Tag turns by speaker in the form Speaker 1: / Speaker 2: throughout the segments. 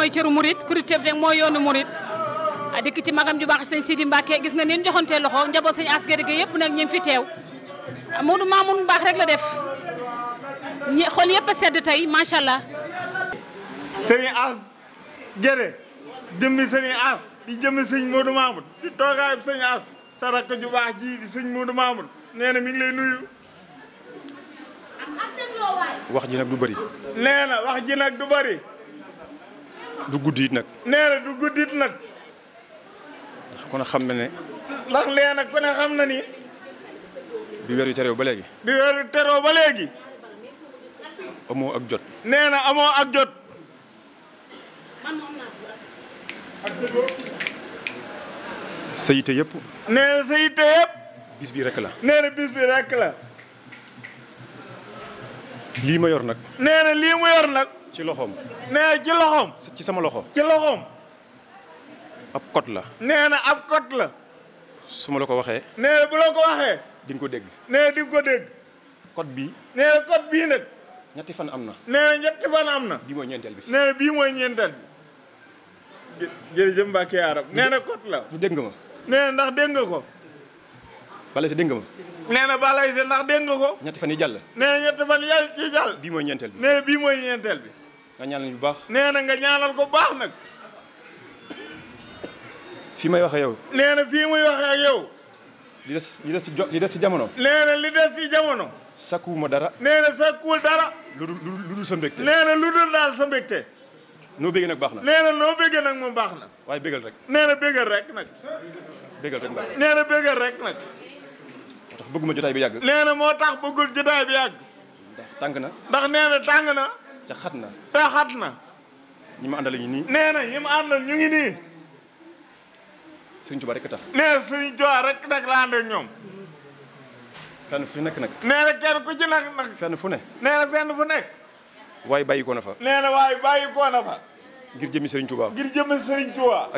Speaker 1: mooy cëru murit Kouriteef rek mooy yoonu murit a dikk ci magam ju baax sëñ Sidi
Speaker 2: Mbacke gis na nin joxante loxo njaboot sëñ asgari gi yëpp nag a sedd tey macha allah.
Speaker 1: sëñ As jërë jëmmi sëñ As di jëmmi sëñ Modou Mamoun di toogaayub sëñ As sa rakk ju baax ji di sëñ Modou Mamoun nee na lay nuyu. wax ji du bëri. nee wax ji du bëri. du guddi nag. nee du guddi nag. kon ku xam na ne. ndax lee nag ku ne xam na ni. bi weer wi teroo ba léegi. bi weer wi teroo ba léegi. amoo ak jot. nee na amoo ak jot. sa yépp yëpp. nee na sa bi rek la. nee na bis rek la. lii yor nag. nee na yor nag. ci loxoom. nee ci loxoom. ci sama loxo. ci loxoom. ab code la. nee na ab code la. su ma la ko waxee. nee bu la ko waxee. di ko dégg. nee di nga ko dégg. code bii. nee code bii nag. ñetti fan am na. nee ñetti fan am na. bii mooy ñeenteel bi. nee bii mooy ñeenteel bi. jërëjëf Mbacke Arab nee na code la. ñu dégg nga ma. nee ndax dégg ko. balay si dégg nga ma. nee na balay si ndax dégg nga ko. ñetti fan yi jàll. nee ñetti fan yi jàll. bii bi. nee bii mooy ñeenteel bi. nga ñaanal ñu bu baax. nee na nga ñaanal ko baax nag. fii may wax yow. nee na fii muy wax
Speaker 2: ak si jo li des si jamono.
Speaker 1: nee li des jamono. sakkuwuma dara. nee na dara. lu dul lu dul sa mbégte. nee lu dul daal sa mbégte. noo béggee nag baax na. nee na noo béggee nag moom baax na. waaye bégal rek. nee na bégal rek nag. na. nee na rek nag. tax bëgguma jotaay bi yàgg. nee na moo tax bëggul jotaay bi yàgg. ndax na. ndax nee na tàng na. te xat na ma àndal ñu nii nee na ma àndal ñu ngi nii Serigne Touba rek tax nee na Serigne Touba nag la ànd ñoom fenn fu nekk nag nee na kenn ku ci fu ne nee na fenn fu nekk waaye ko na fa nee na waaye bàyyi ko na fa ngir jëmi Serigne Touba ngir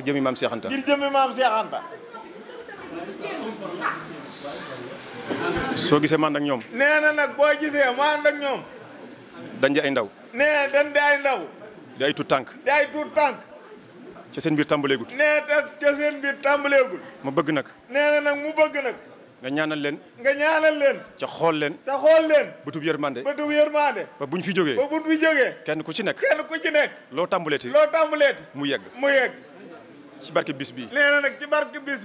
Speaker 1: jëmi maam Cheikh ngir jëmi maam Cheikh
Speaker 2: soo gisee man ak ñoom
Speaker 1: nee na nag boo gisee man ak ñoom dañ ay ndaw nee dañ day ndaw. di ay tuut tànk. di ay tuut tànk. ci seen biir tàmbaleegul. nee te ca seen biir tàmbaleegul. ma bëgg nag. nee na nag mu bëgg nag. nga ñaanal leen. nga ñaanal leen. ca xool leen. ca xool leen. bëtub yërmande. bëtub yërmande. ba buñ fi jógee. ba buñ fi jógee. kenn ku ci nekk. kenn ku ci nekk. loo tàmbaleeti. loo tàmbaleeti. mu yegg. mu yegg. ci barke bis bi. nee na nag ci barke bis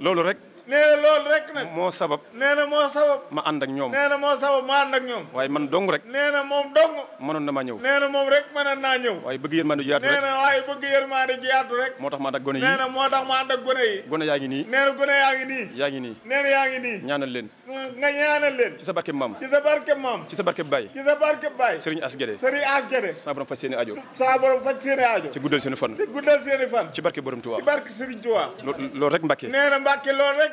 Speaker 1: loolu rek. nee na loolu rek nag moo sabab nee na moo sabab ma ànd ak ñoom nee na moo sabab ma ànd ak ñoom waaye man dong rek nee na moom dong mënoon na maa ñëw nee na moom rek mënoon naa ñëw waaye bëgg yërmande ji yaatu rek nee na waaye bëgg yërmande ji yaatu rek moo tax ma ànd ak gone yi nee na moo tax ma ànd ak gone yi gone yaa ngi nii nee na gone yaa ngi nii yaa ngi nii nee na yaa ngi nii ñaanal leen nga ñaanal leen ci sa barke maam ci sa barke maam ci sa barke baay ci sa barke baay sëriñ as gede sëriñ as gede sa borom faj seeni aajo sa borom faj seeni aajo ci guddal seeni fan ci guddal seeni fan ci barke borom Tuubaa ci barke sëriñ Tuubaa loolu rek Mbàkke nee na Mbàkke loolu rek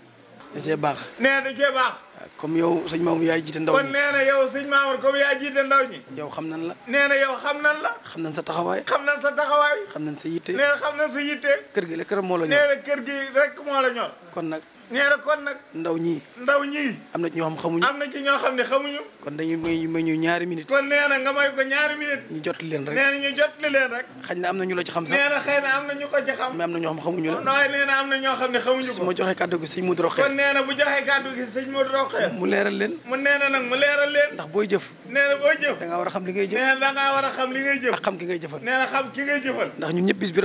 Speaker 1: da cee baax nee da cee baax
Speaker 2: comme yow sëñ Mamour yaay jiite ndaw
Speaker 1: ñi kon nee na yow sëñ Mamour comme yaay jiite ndaw ñi yow xam nan la nee na yow xam nan la
Speaker 3: xam nan sa taxawaay
Speaker 1: xam nan sa taxawaay xam nan sa yitte nee na xam nan kër gi la kër la ñor nee na kër gi rek moo la ñor kon nag nee na kon nag ndaw ñii ndaw ñii am na ci xam xamuñu am na ñoo xam ne xamuñu kon dañuy may may ñu ñaari minute kon nee na nga may ko ñaari minute ñu jot leen rek nee na ñu jot leen
Speaker 2: rek na am na la ci xam sax na am na ñu ko ñoo xam xamuñu la
Speaker 1: na ñoo xam ne xamuñu ko su ma
Speaker 2: joxee kàddu gi sëñ Modou Rokhaya kon nee na
Speaker 1: mu leeral leen mu nee na nag mu leeral leen ndax booy jëf a xam na da ngaa war a xam li xam ki ngay jëfal nee na xam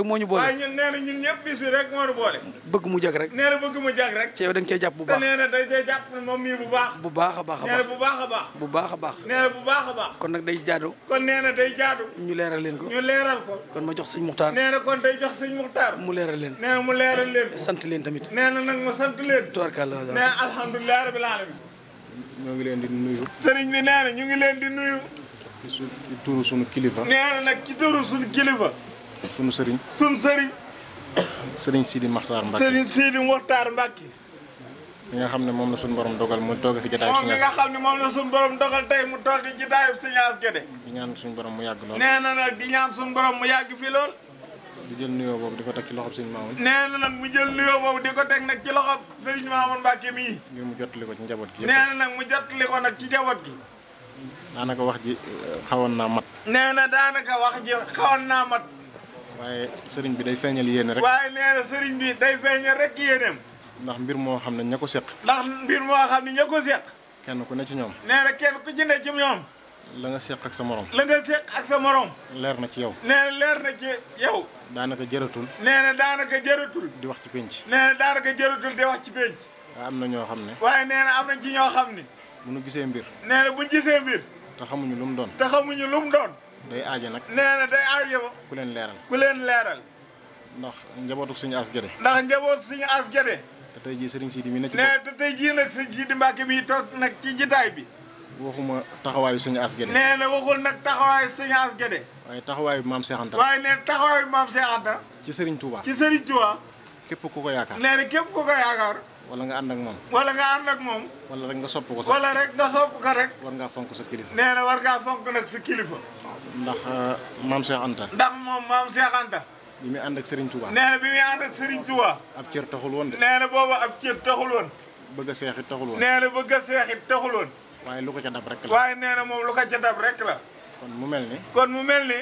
Speaker 1: moo ñu boole waaye ñun nee ñëpp bis bi rek moo ñu boole na bëgg mu jag rek ci yow da nga cee jàpp bu baax nee na day day jàpp moom mii bu baax bu baax a baax nee na bu baax a baax bu baax a baax nee na bu baax a baax kon nag day jaadu kon nee na day jaadu ñu leeral leen ko ñu leeral ko kon ma jox sëñ Muxtaar nee na kon day jox sëñ Muxtaar mu leeral leen nee na mu leeral leen sant leen tamit nee na nag ma sant leen tubarkàlla nee na alhamdulilah rabil alamin ñoo ngi leen di nuyu sëriñ bi nee na ñu ngi leen di nuyu ci turu suñu kilifa nee na nag ci turu suñu kilifa suñu sëriñ suñu sëriñ sëriñ Sidi Maxtaar Mbacke sëriñ Sidi Maxtaar Mbacke li nga xam ne moom la suñu borom dogal mu toog fi jotaayub si ñaas moom li nga xam ne moom la suñu borom dogal tey mu toog ci jotaayub ñaan suñu borom mu yàgg lool nee na nag ñaan suñu borom mu yàgg fi lool di jël nuyoo boobu di ko teg ci loxob sëñ Maamoun nag mu jël nuyoo boobu ko teg nag ci loxob sëñ Maamoun Mbàkke mii ngir mu jottali ci njaboot gi nee na nag mu jottali ko nag ci njaboot daanaka wax ji euh, xawoon naa mat nee na daanaka wax ji xawoon naa mat waaye sëriñ bi day feeñal yéene rek waaye nee sëriñ bi day feeñal rek yéeneem ndax mbir moo xam ne ña ko seq. ndax mbir moo xam ne ña ko seq. kenn ku ne ci ñoom. nee na kenn ku ci ne ci ñoom. la nga seq ak sa moroom la nga ak sa moroom leer na ci yow. nee leer na ci yow. daanaka jëratul. nee na daanaka jëratul. di wax ci penc. nee na daanaka jëratul di wax ci penc. waaye am na ñoo xam ne. waaye nee na am na ci ñoo xam ne. bu nu gisee mbir. nee bu ñu gisee mbir. te xamuñu lu mu doon. te xamuñu lum mu doon. day aaja nag. nee na day aaja ku leen leeral. ku leen leeral. ndax njabootu suñu as gëdë. te tey jii sëriñ Sidi mi nekk. nee te tey jii nag sëriñ Sidi Mbacke mi toog nag ci jitaay bi. waxuma taxawaayu sëñ As Gede. nee na waxul nag taxawaayu sëñ As Gede. waaye taxawaayu maam Cheikh Anta. waaye nee taxawaayu maam Cheikh ci sëriñ Touba. ci sëriñ Touba. képp ku ko yaakaar. nee képp ku ko yaakaar. wala nga ànd ak moom. wala nga ànd moom. wala rek nga sopp ko sax. wala rek nga sopp ko rek. war ngaa fonk sa kilifa. nee na war ngaa fonk nag sa kilifa. ndax euh, maam Cheikh Anta. ndax moom maam bi muy ànd ak Serigne Touba. nee na bi muy ànd ak Serigne Touba. ab cër taxul woon de. nee na ab cër taxul woon. bëgg a seexit taxul woon. nee na bëgg a seexit taxul woon. waaye lu ko ca dab rek la. waaye nee na moom lu ko ca dab rek la. kon mu mel ni. kon mu mel ni.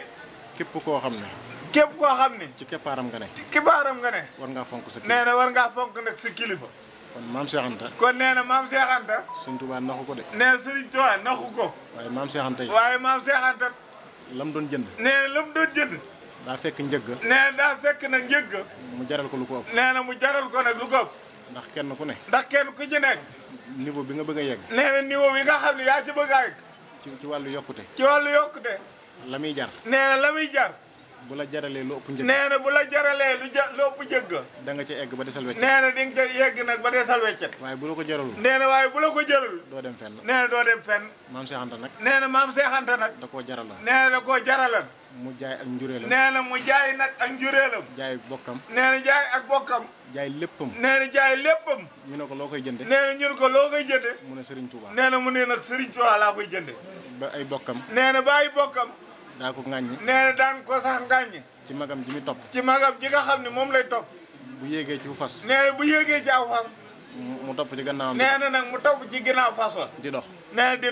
Speaker 1: képp koo xam ne. képp koo xam ne. ci keppaaram nga ne. ci keppaaram nga ne. war ngaa fonk sa kilifa nee war ngaa fonk nag sa kilifa. kon maam Cheikh Anta. kon nee na maam Cheikh Anta. Serigne naxu ko de. nee na Serigne Touba naxu ko. waaye maam Cheikh doon jënd. daa fekk njëg nee daa fekk nag njëgg mu jaral ko lu ko ëpp nee na mu jaral ko nag lu ko ëpp ndax kenn ku ne ndax kenn ku ci nekk nivo bi nga bëgg a yegg nee na niveau bi nga xam ne yaa ci bëgg a yegg ci wàllu yokkute ci wàllu yokkute la muy jar nee na la muy jar bu la jaralee lu ëpp njëgg nee na bu la jaralee lu ja lu ëpp njëgg da nga egg ba desal weccet nee na di yegg nag ba desal weccet waaye bu la ko jaralul nee na waaye bu la ko jaralul doo dem fenn nee doo dem fenn maam Seex nag nee na maam Seex Anta nag da koo jaralan nee na koo jaralan mu jaay ak njureelam nee na mu jaay nag ak njureelam jaay bokkam nee na jaay ak bokkam jaay léppam nee na jaay léppam ñu ne ko loo koy jënde nee na ñu ne ko loo koy jënde mu ne Serigne Touba nee na mu ne nag Serigne Touba laa koy jënde ba ay bokkam nee na ba ay bokkam daa ko ŋàññi nee na daan ko sax ŋàññi ci magam ji mi topp ci magam ji nga xam ne moom lay topp bu yéegee ci fas nee bu yéegee ci aw fas mu topp ci gannaawam nee nag mu topp ci ginnaaw fas wa di dox nee na di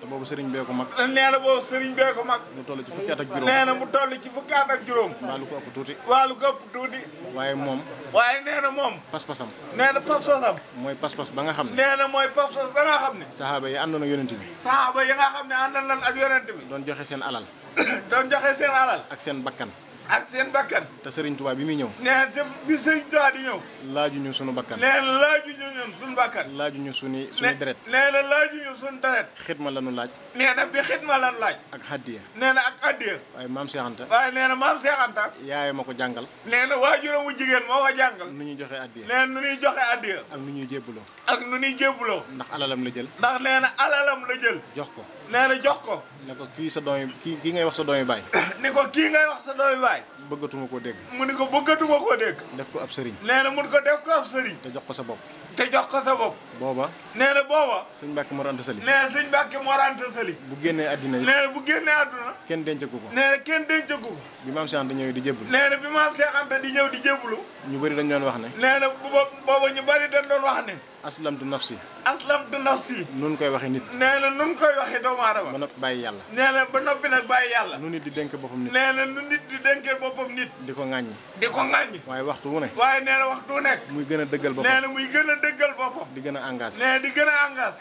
Speaker 1: te boobu sëriñ bee ko mag nee na boobu sëriñ bee ko mag mu toll ci fukki at ak juróom nee na mu toll ci fukki ak juróom mbaa ko ëpp tuuti mbaa lu ko ëpp tuuti waaye moom waaye nee na moom pas-pasam nee na pas-pasam mooy pas-pas ba nga xam ne nee mooy pas-pas ba nga xam ne sahaaba yi àndoon yonent bi sahaaba yi nga xam ne àndoon ak yonent bi doon joxe seen alal doon joxe seen alal ak seen bakkan ak seen bakkan te Serigne tubaab bi muy ñëw nee te bi Serigne Touba di ñëw laajuñu sunu bakkan nee na laajuñu ñun sunu bakkan laajuñu sunu sunu deret nee na laajuñu sunu deret xidma lanu laaj nee bi xidma lanu laaj ak haddiya nee na ak haddiya waaye maam Cheikh waaye nee na maam Cheikh Anta yaay ma ko jàngal nee na waajuram wu jigéen moo ko jàngal nu ñuy joxe addiya nee nu ñuy joxe addiya ak nu ñuy jébbuloo ak nu ñuy jébbuloo ndax alalam la jël ndax nee na alalam la jël jox ko nee na jox ko. ne ko kii sa doom yi kii kii ngay wax sa doom yi baay. ni ko kii ngay wax sa doom yi baay. bëggatuma koo dégg mu ni ko bëggatuma koo dégg def ko ab sëriñ nee na mun ko def ko ab sëriñ te jox ko sa bopp te jox ko sa bopp booba nee na booba sëñ Mbàkke Mor Anta Sali nee na sëñ Mbàkke bu génnee àddina yi nee na bu génnee àdduna kenn dencagu ko nee na kenn dencagu ko bi maam Cheikh Anta ñëw di jébbalu nee na bi maam Cheikh di ñëw di jébbalu ñu bëri dañ doon wax ne nee na booba ñu bëri dañ doon wax ne aslamtu nafsi aslamtu nafsi nun koy waxe nit nee na nun koy waxe doomu aadama ba noppi bàyyi yàlla nee na ba noppi nag bàyyi yàlla nu nit di dénk boppam boppam nit. di ko ŋàññi. di ko ŋàññi. waaye waxtu wu ne. waaye nee na waxtu wu nekk. muy gën dëggal boppam nee na muy gën a dëggal boppam. di gën a engagé nee di gën a engagé.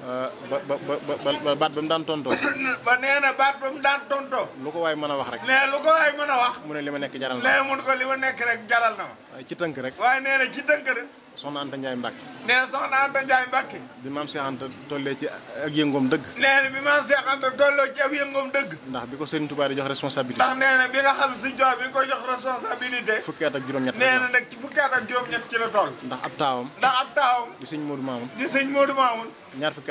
Speaker 1: ba ba ba baat ba mu daan tontoo. ba nee na baat ba mu daan tontoo. lu ko waay mën a wax rek. nee lu ko waay mën a wax. mu ne li ma nekk jaral na ma. nee mun ko li ma nekk rek jaral na ma. waaye ci tënk rek. waaye nee na ci tënk rek. soxna Anta Ndiaye Mbacke. nee soxna Anta Ndiaye Mbacke. bi maam Cheikh Anta ci ak yëngoom dëgg. nee na bi maam Cheikh ndax bi ko Serigne Touba di jox responsabilité. ndax nee na bi nga xam Serigne Touba bi nga ko jox responsabilité. fukki at ak juróom-ñett nee na fukki at ak juróom-ñett ci la toll. ndax ab taawam. ndax ab taawam. di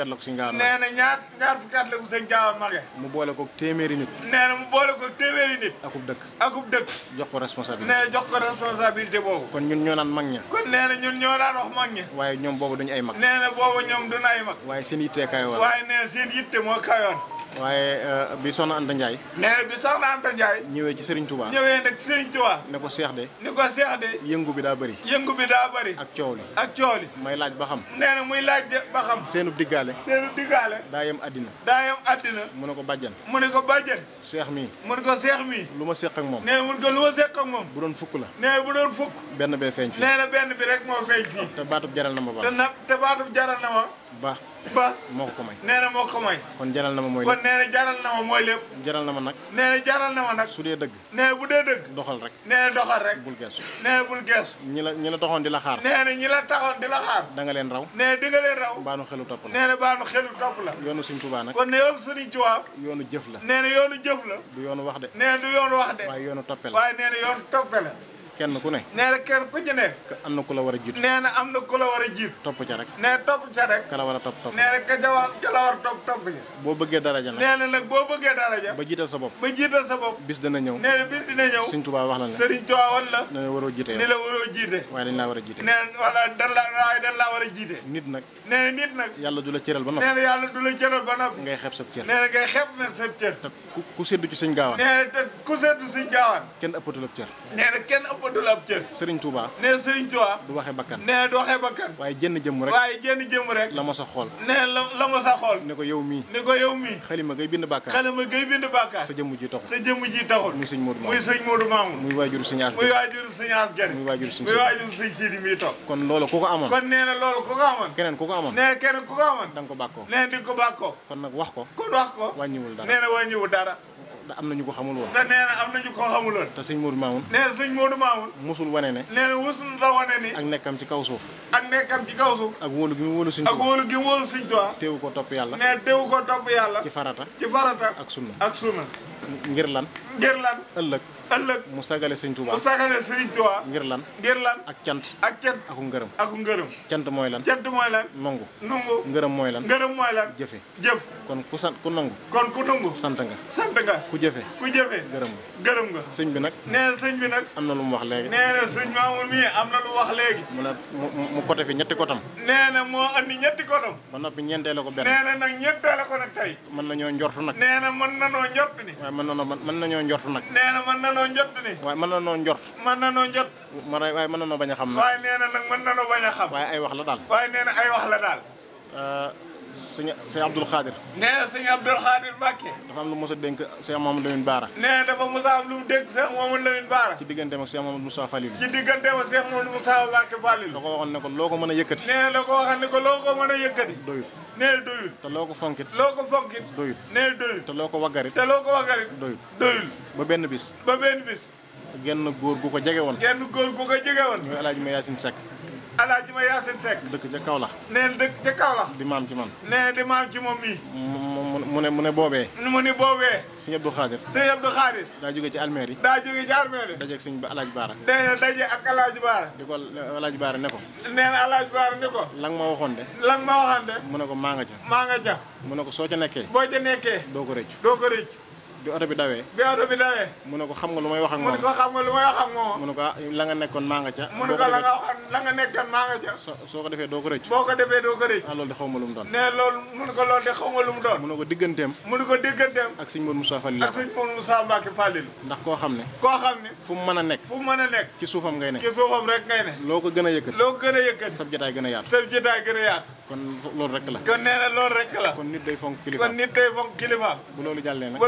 Speaker 1: fukki at la ko si ngaa nee na mage mu boole ko téeméeri nit nee na mu boole ko téeméeri nit akub dëkk jox ko responsabilité boobu kon ñun ñoo naan mag ña kon nee ñun ñoo naan wax mag ña waaye ñoom boobu duñu ay mag nee boobu ñoom duñu ay mag waaye seen yitte kayoon waaye nee na seen yitte moo kayoon waaye euh, bi soxna Anta Ndiaye nee bi soxna Anta Ndiaye ñëwee ci Serigne Touba ñëwee nag ci Serigne ne ko seex de ne ko seex de yëngu bi daa bëri yëngu ba xam nee diggaale nee na diggaale daa yem addina daa yem addina mu ne ko bàjjan mu ne ko bàjjan seex mi mu ne ko seex mii lu ma seq ak moom nee mu ne ko lu ma seq ak moom bu doon fukk la nee bu doon fukk benn bee feeñ fii nee na benn bi rek moo feeñ fii te baatub jaral na ma ba te nag te baatub jaral na ma ba ba moo ko ko may nee moo ko may kon jaral na ma mooy lépp kon na jaral na ma jaral na ma nag nee na jaral na ma nag su dee dëgg nee bu dee dëgg doxal rek nee na doxal rek bul gees nee bul gees ñi la ñi la doxoon di la xaar nee na ñi la taxoon di la xaar da leen raw nee na di nga leen raw baanu xelu topp la nee na baanu xelu topp la yoonu Sëriñ Tuubaa nag kon ne yoonu Sëriñ Tuubaa yoonu jëf la nee na yoonu jëf la du yoonu wax de nee du yoonu wax de waaye yoonu toppe kenn ku ne nee na kenn ku ci ne am na a jiit na am na ku la war a jiit topp ca rek nee topp ca rek a topp topp nee na a topp boo bëggee daraja nag nee na boo bëggee daraja ba jiital sa bopp ba jiital sa bopp bis dana ñëw nee na bis dina ñëw Sëriñ Tuubaa wax la ne Sëriñ Tuubaa wan la ne waroo jiite ni la waroo war a jiite nee laa war a jiite nit nag na nit nag yàlla du la cëral ba na yàlla du la cëral ba cër nee na ngay xeeb na sab cër te ku séddu ci sëñ gaawaan nee na te ku séddu sëñ gaawaan kenn ëppatul cër amatul ab cër Serigne Touba nee Serigne Touba du waxee bakkan nee du waxee bakkan waaye jënn jëmm rek waaye jënn jëmm rek la ma a xool nee la la ma xool ni ko yow mii xalima ngay bind bàkkaar xalima ngay bind bàkkaar sa jëmm ji taxul sa jëmm ji taxul muy sëñ Modou muy muy waajuru sëñ As muy waajuru sëñ As muy toog kon loolu ku ko amoon kon nee loolu ku ko amoon keneen ku ko amoon nee keneen ku ko amoon da ko bàkkoo nee di ko bàkkoo kon nag wax ko kon wax ko wàññiwul da am na ñu ko xamul woon nee na am na ñu ko xamul woon te sëñ Modou Mamoun nee na sëñ Modou musul wane ne nee na musul la wane ni ak nekkam ci kaw suuf ak nekkam ci kaw suuf ak wóolu gi mu wóolu sëñ ak wóolu gi mu teewu ko topp yàlla nee teewu ko topp yàlla ci farata ci farata ak sunna ak sunna ngir lan ngir ëllëg ëllëg mu sagale sëñ Tuubaa mu sagale sëñ Tuubaa ngir lan ngir lan ak cant ak cant aku ngërëm aku ngërëm cant mooy lan cant mooy lan ngërëm mooy lan ngërëm mooy lan jëfe jëf kon ku sant ku nangu kon ku nangu sant nga sant nga ku jëfe ku jëfe gërëm nga gërëm sëñ bi nag nee sëñ bi nag am na lu mu wax léegi nee na sëñ maamul am na lu wax léegi mu ne mu côté fi ñetti kotam nee na moo andi ñetti kotam ba noppi ñeentee ko benn nee nag ñeentee ko nag tey mën nañoo njortu na ñoo nañoo njortu nag na noo njot ni waaye mën na noo njort mën na njot waaye mën na noo bañ a xam nag waaye nee na nag mën na a waaye ay wax la daal waaye nee na ay wax la daal euh, sëñ sëñ Abdul Xaadir. nee sëñ Abdul Xaadir Mbàkke. dafa am lu mos a dénk Cheikh Mamadou Lamine Baara. nee dafa mos am lu mu dénk Cheikh Mamadou Lamine Baara. ci digganteem ak Cheikh Mamadou Moussa Falil. ci digganteem ak Cheikh Mamadou Moussa Mbàkke Falil. ko waxoon ne ko loo ko mën a yëkkati. nee da ko waxoon ne ko loo ko mën a yëkkati. doyul nee doyul. te loo ko fonkit. loo ko fonkit. doyul nee doyul. te loo ko waggarit. te loo ko waggarit. doyul doyul. ba benn bis. ba benn bis. genn góor gu ko jege woon. genn góor gu ko jege woon. mooy El alaaji ma yaasin sekk dëkk ca Kaolack neen dëkk ca Kaolack di maam ci man nee di maam ci moom mii mu ne mu ne boobee mu ne boobee sëñ Abdou Khadir sëñ Abdou Khadir daa jóge ci almeer yi daa jóge ci almeer yi daje ak sëñ alaaji baara nee na daje ak alaaji baara di ko alaaji baara ne ko nee na alaaji baara ne ko lang ma waxoon de lang ma waxoon de mu ne ko maa nga ca maa nga ca mu ne ko soo ca nekkee boo ca nekkee doo ko rëcc bi oto bi dawee bi a bi dawee mu ne ko xam nga lu may wax moom mu ne ko ko ah, la nga nekkoon maa ca soo ko defee doo ko rëcc boo ko defee doo ko rëcc ah loolu de xaw ma ko loolu de xaw ko digganteem mu a ko digganteem ak sëñ Mourou Moussa Fallil ak ndax koo xam ne koo xam ne fu mu mën a nekk fu mu a nekk ci suufam ngay nekk ci suufam rek ngay ne loo ko gën a yëkkati loo ko gën a yëkkati sab jotaay gën a yaatu sab jotaay gën a yaatu kon loolu rek la kon nee na loolu rek la kon nit day fonk kilifa bu loolu jàllee nag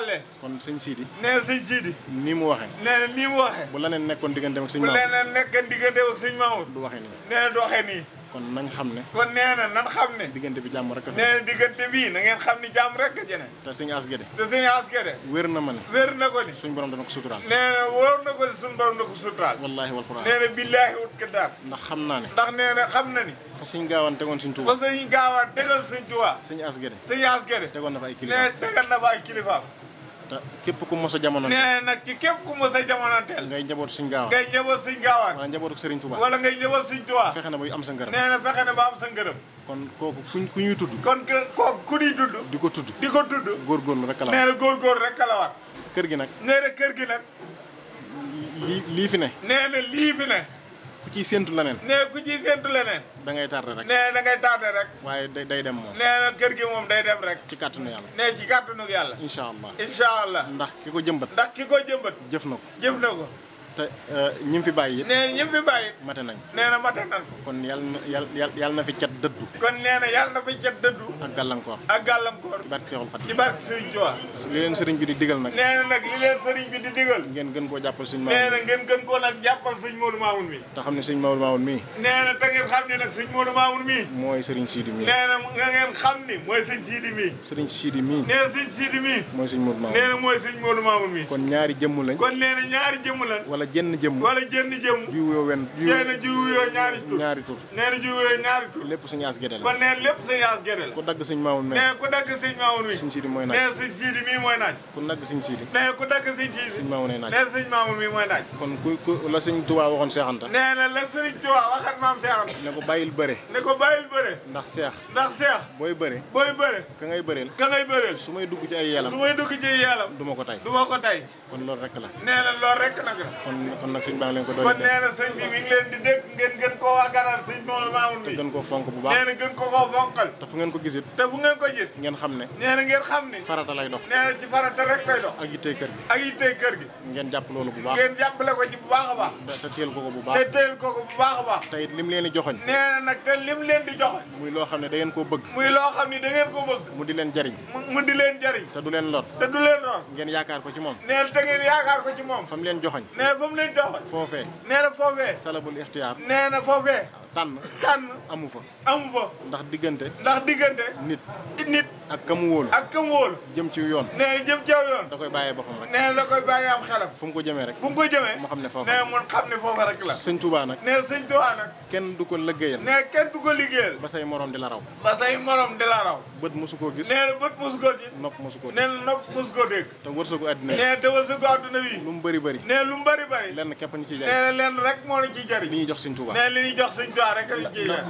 Speaker 1: jàllee kon sëñ Sidi nee sëñ Sidi nii mu waxee nee nii mu waxee bu leneen nekkoon diggante ak sëñ Mamour bu du waxee nii nee du waxee nii kon nañ xam ne kon nee na nan xam ne diggante bi jàmm rek a nee diggante bii na xam ni jàmm rek a jene te sëñ as gede te sëñ as gede wér na ma ne wér na ko ni suñ borom dana ko suturaal nee na na ko ni suñ borom dana ko suturaal wallaahi wal quraan nee na billaahi wut daal ndax xam naa ne ndax nee na xam na ni fa suñ gaawaan tegoon suñ tuba fa suñ gaawaan tegoon suñ tuba képp ku mos a jamono nee nag ci képp ku mos a jamonoonteel ngay njaboot suñ gaawaan ngay njaboot suñ gaawaan wala njabootu sëriñ Tuubaa wala ngay njaboot suñ Tuubaa fexe na ba am sa ngërëm nee na fexe na ba am sa ngërëm kon kooku ku ñuy tudd kon kooku ku ñuy tudd di ko tudd di ko tudd góorgóorlu rek la nee na góor rek la war kër gi nag nee na kër gi nag lii lii fi ne nee lii fi ne ku ciy séentu leneen. nee ku ciy séentu leneen. da ngay tardé rek. nee da ngay tardé rek. waaye day day dem moom. nee na kër gi moom day dem rek. ci kàttanu yàlla. nee ci kàttanu yàlla. incha allah incha allah. ndax ki ko jëmbat. ndax ki ko jëmbat. jëf na ko jëf na ko. te euh, ñi fi bàyyi it. nee fi bàyyi. mate nañ nee mate nañ kon yal na yal yal na fi cat dëddu. kon nee na yal na fi cat dëddu. ak gàllankoor. ak gàllankoor. ci barke Seexul Xadiim. ci barke Sëriñ Tuubaa. li leen sëriñ bi di digal nag. nee na nag li leen sëriñ bi di digal. ngeen gën koo jàppal suñ. nee na ngeen gën koo nag jàppal suñ Moodu Maamun mi. te xam ne suñ Moodu Maamun mi. nee na mooy sëriñ Siidi mi. nee nga ngeen xam ni mooy sëriñ Siidi mi. sëriñ Siidi mi. nee na Siidi jenn jëmm wala jenn jëmm jiwuyoo wen nee na ñaari tur ñaari tur nee na jiwuyoo ñaari tur lépp sëñ As Gede la ko nee lépp sëñ As la ku dagg sëñ Maamun mi nee ku dagg sëñ naaj nee sëñ Siidi mii mooy mooy naaj kon ku ku si sëñ Tuubaa waxoon Seex Anta nee na la sëñ waxat maam Seex ne ko bàyyil bëre ne ko bàyyil bëre ndax seex ndax seex booy bëre booy bëre ka ngay bëreel ka ngay bëreel su may dugg ci ay yeelam su may dugg ci ay yeelam du ko tay du ko tay kon loolu rek la kon kon nag sëñ baa ngi ko doon kon nee na fonk bu baax nee na gën fu ngeen ko gisit te fu ngeen ko gis ngeen xam ne nee na ngeen xam ni farata lay dox nee na ci farata rek lay dox ak yittey kër gi ngeen jàpp loolu bu baax ngeen jàppale ko ci bu baax a baax te teel ko ko bu baax te ko a baax te it lim leen di joxoñ nee na nag te lim leen di joxoñ muy loo xam ne da ngeen koo bëgg muy loo xam ne da ngeen bëgg mu di leen jariñ mu du leen lor te du leen lor ngeen yaakaar ko ci moom nee na ba mu leen doxal. nee na foofee. salabul ixtiyaar. nee na foofee. tànn tànn amu fa. amu fa. ndax diggante. ndax diggante. nit nit. ak kam wóolu ak kam wóolu jëm ci yoon nee na jëm ci aw yoon da koy bàyyee boppam rek nee na da koy bàyyee am xelam fu mu ko jëmee rek fu mu ko jëmee mu xam ne foofa nee na mun ne nee na sëñ Tuubaa nag kenn du ko liggéeyal nee kenn du ko di na bët mosu koo gis nopp koo nee na nopp mosu koo dégg te wërsëgu àddina nee na te wërsëgu àddina wi lu mu bëri bëri nee lu mu bëri bëri lenn képp ñu ci jariñ nee na lenn rek moo ñu ci jariñ li jox sëñ Tuubaa nee na li ñuy jox sëñ Tuubaa rek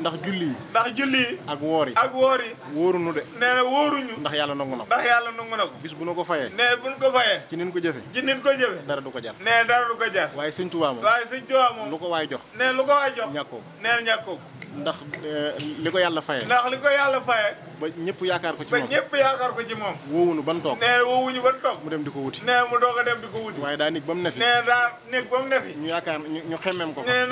Speaker 1: ndax julli yi ndax julli yi ak woor yi ak woor yi wóorunu de nee wóoruñu ndax yàlla nangu na ko ndax yàlla nangu na ko bis bu nu ko fayee ne buñ ko fayee ci nin ko jëfe ci nin ko jëfe dara du ko jar ne dara du ko jar waaye sëñ Tuubaa moom waaye sëñ Tuubaa moom lu ko waay jox ne lu ko waay jox ñàkkoo neen ñàkkoo ndax eh, li ko yàlla fayee ndax li ko yàlla fayee ba yaakaar ko ci moom ba ñëpp yaakaar ko ci moom woowuñu toog mu dem di ko wuti ne mu doog a dem di ko wuti waaye daa nekk ba mu ne fi daa nekk ba mu ne ñu yaakaar ñu xemmem ko ne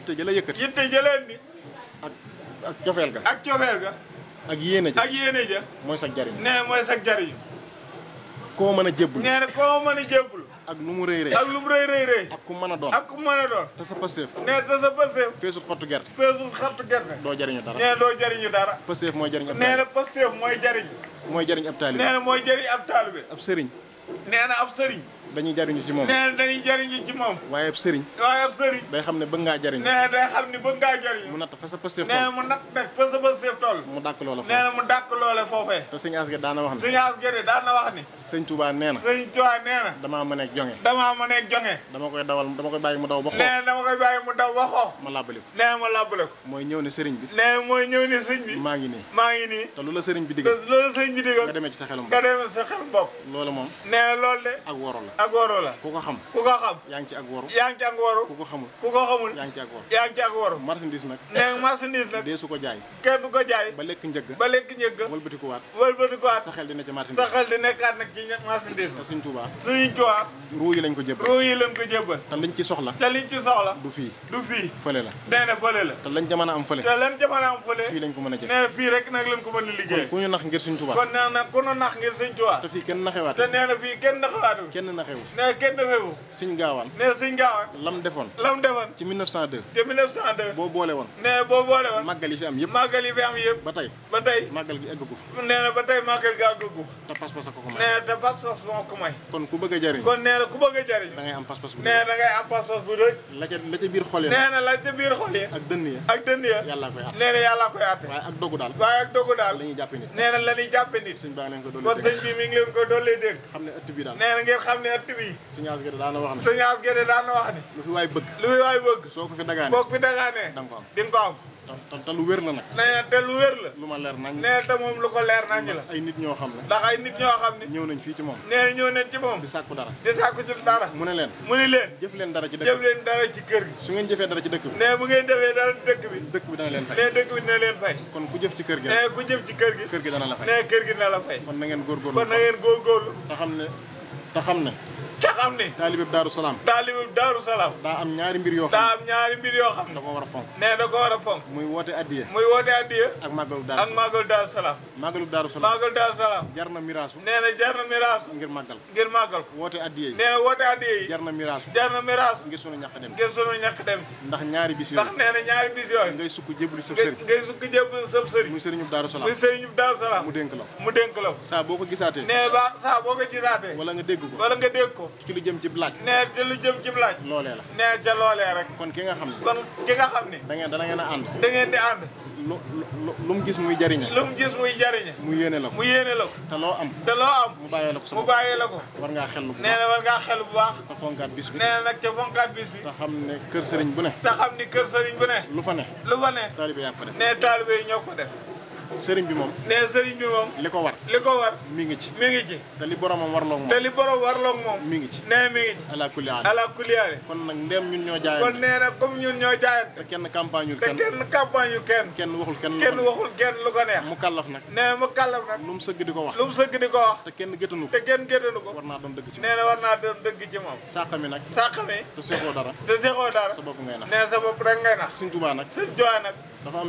Speaker 1: ne nag ñu ak ak cofeel ga. ak cofeel ga. ak yéene ja ak yéene ja. mooy sag jariñ. nee mooy sag jariñ. koo mën a jébbul. nee na koo mën a jébbul. ak lu mu rëy rëy. ak lu mu rëy rëy rëy. ak ku mën a doon ak ku mën a doon. te sa pëseef. nee te sa pëseef. feesul xottu gerte. feesul xottu gerte. doo jariñu dara. nee doo jariñu dara. pëseef mooy jariñ ab nee na mooy jariñ. mooy jariñ ab taalibe. mooy jariñ ab taalibe. ab sëriñ. nee na ab sëriñ. dañuy jariñu ci moom nee dañuy jariñu ci moom waaye ab sëriñ waaye ab sëriñ xam ne bëgg ngaa jariñ nee mu natt fa mu natt nag fa sa pësteef tool mu dàkk loola foofu nee mu dàkk loola foofee te sëñ ne na damaa mën a jonge damaa mën a koy dawal dama koy bàyyi mu daw ba xoo nee dama koy bàyyi mu mooy ñëw ne sëriñ bi nee mooy maa ngi nii maa lu la sëriñ bi digal nga demee ci sa xelum bopp nga demee moom nee loolu de ak woro ak waroo la ku ko xam ku ko xam yaa ngi ci ak waru yaa ngi ci ak waru ku ko xamul ku ko xamul yaa ngi ci ak waru yaa ngi ci ak waru marchandise nag nee marchandise nag dee su ko jaay kenn ko jaay ba lekk njëgg ba lekk njëgg wëlbatikuwaat sa xel di nekkaat nag ci marchandise te ci soxla te ci soxla du fii du fii fële la nee fële la te lañ jamono am fële te lañ jamono am fële fii lañ ko mën a jël nee fii rek nag lañ ko mën a liggéey ku ñu nax ngir suñ Tuubaa kon nee na ku ñu nax ngir suñ Tuubaa te fii kenn naxewaat defewu ku bëgg a jëriñ am pas-pas bu nee la ca biir xol yi nee la ca biir xol yi ak dënn ya ak dënn ya yàlla koy àtte waaye ak dogu daal waaye ak dogu daal la ñuy nit nee na la nit suñ baa leen ko ko dolli dégg xam ne ëtt bi daal nee na xam ne ñett wi sëñ As wax ne sëñ As Gédé wax ne lu fi waay bëgg lu fi waay bëgg soo ko fi dagaane boo fi dagaanee da ko am di nga ko lu wér la nag nee te lu wér la lu ma leer nañ nee te moom lu ko leer nañ la ay nit ñoo xam ne ndax ay nit ñoo xam ne ñëw nañ fii ci moom nee ñëw nañ ci moom di sàkku dara di sàkku ci dara mu ne leen mu ne leen jëf leen dara ci dëkk su ngeen jëfee dara ci dëkk bi nee leen fay nee dëkk bi dina leen fay kon ku gi nee ku gi kër gi la fay nee kër te xam ne ca xam ne taalibeb daaru salaam taalibeb daa am ñaari mbir yoo xam daa am ñaari mbir yoo xam ne da ko war a fonk ne da ko war a fonk muy woote addiye muy woote addiye ak màggalu daaru ak màggalu jar na miraasu nee na jar na miraasu ngir màggal ngir màggal woote addiye nee na woote addiye yi jar na miraasu jar na miraasu ngir sunu ñàkk dem ngir ndax ñaari bis yooyu ndax nee na ñaari bis yooyu ngay sukk jéblu sëf sëriñ ngay sukk muy sëriñub daaru muy sëriñub daaru mu dénk la boo ko nga dégg ko wala nga ci lu jëm ci laaj nee te lu jëm ci laaj loolee la nee te loolee rek kon ki nga xam ne kon ki nga xam ne da ngeen ngeen a ànd da ngeen di ànd lu lu mu gis muy jariñe lu mu gis muy jariñe mu yéene la ko mu yéene la ko te loo am te loo am mu bàyyee la ko mu bàyyee la ko war ngaa xel lu na war ngaa xel bu baax te fonkaat bis bi nee na nag fonkaat bis bi te xam ne kër sëriñ bu ne te xam ni kër sëriñ bu ne lu fa ne lu fa ne taalibe yaa ko def nee taalibe yi ñoo def sëriñ bi moom nee sëriñ bi moom li ko war li ko war mi ngi ci mi ngi ci te li boromam warloog moom moom mi ngi ci nee mi ngi ci ala kulli kon nag ndem ñun ñoo jaayante kon nee na comme ñun ñoo jaayante te kenn campagne ul kenn te kenn campagne ul kenn kenn waxul kenn kenn lu ko neex mu kàllaf nag nee mu kàllaf nag lu mu sëgg di ko wax lu mu sëgg di ko wax te kenn gëtanu ko te kenn gëtanu ko war naa doon dëgg ci nee na war naa doon dëgg ci moom sàqa mi nag sàqa mi te sa bopp ngay nax